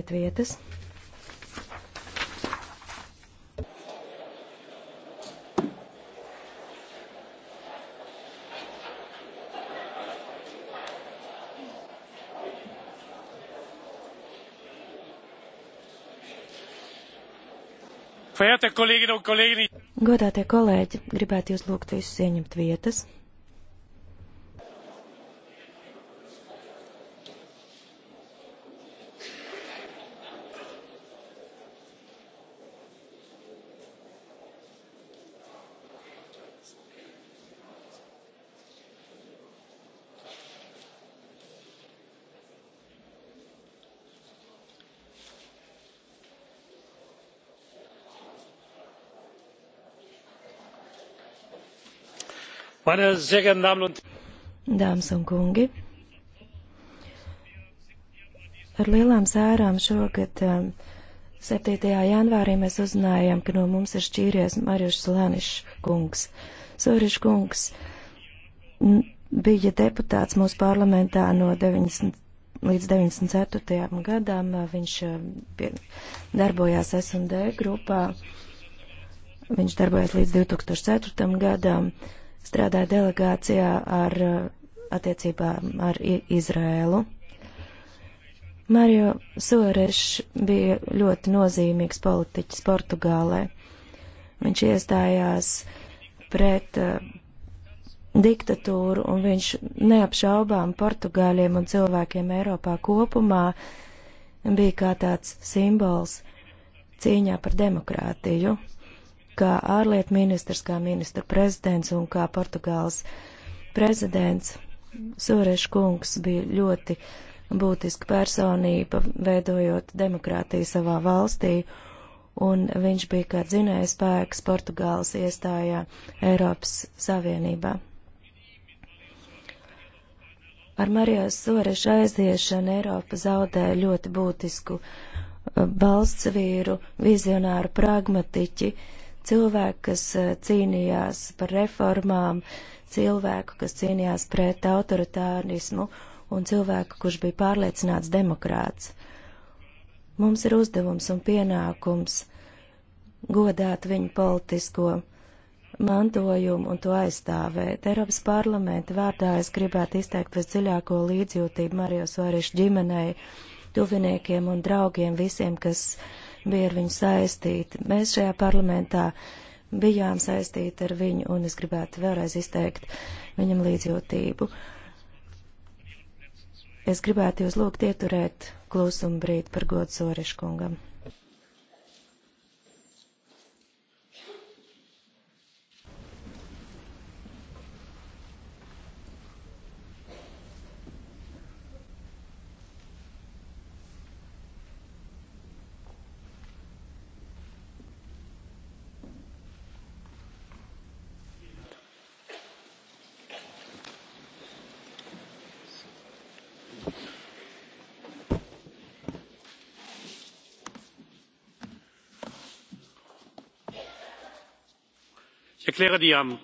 Iet vietas. Godātie kolēģi, gribētu jūs lūgt visus ieņemt vietas. Meine sehr geehrten Damen und Dāmas un kungi, ar lielām sērām šogad 7. Um, janvārī mēs uzzinājām, ka no mums ir šķīries Marijušs Lanišs kungs. Soriš kungs bija deputāts mūsu parlamentā no 90 līdz 94. gadam. Viņš pie, darbojās S&D grupā. Viņš darbojās līdz 2004. gadam strādāja delegācijā ar attiecībām ar Izrēlu. Mario Soreši bija ļoti nozīmīgs politiķis Portugālē. Viņš iestājās pret uh, diktatūru un viņš neapšaubām portugāļiem un cilvēkiem Eiropā kopumā bija kā tāds simbols cīņā par demokrātiju kā ārlietu ministrs, kā ministra prezidents un kā Portugāles prezidents. Soreša kungs bija ļoti būtiska personība, veidojot demokrātiju savā valstī, un viņš bija kā dzinējs spēks Portugāles iestājā Eiropas Savienībā. Ar Marijas Soreša aiziešanu Eiropa zaudē ļoti būtisku uh, valsts vīru, vizionāru pragmatiķi, uh, cilvēku, kas eh, cīnījās par reformām, cilvēku, kas cīnījās pret autoritārismu un cilvēku, kurš bija pārliecināts demokrāts. Mums ir uzdevums un pienākums godāt viņu politisko mantojumu un to aizstāvēt. Eiropas parlamenta vārdā es gribētu izteikt visdziļāko līdzjūtību Marijos Varišu ģimenei, tuviniekiem un draugiem visiem, kas uh, bija ar viņu saistīti. Mēs šajā parlamentā bijām saistīti ar viņu, un es gribētu vēlreiz izteikt viņam līdzjūtību. Es gribētu jūs lūgt ieturēt klusumu brīdi par godu Soriškungam. ich erkläre die.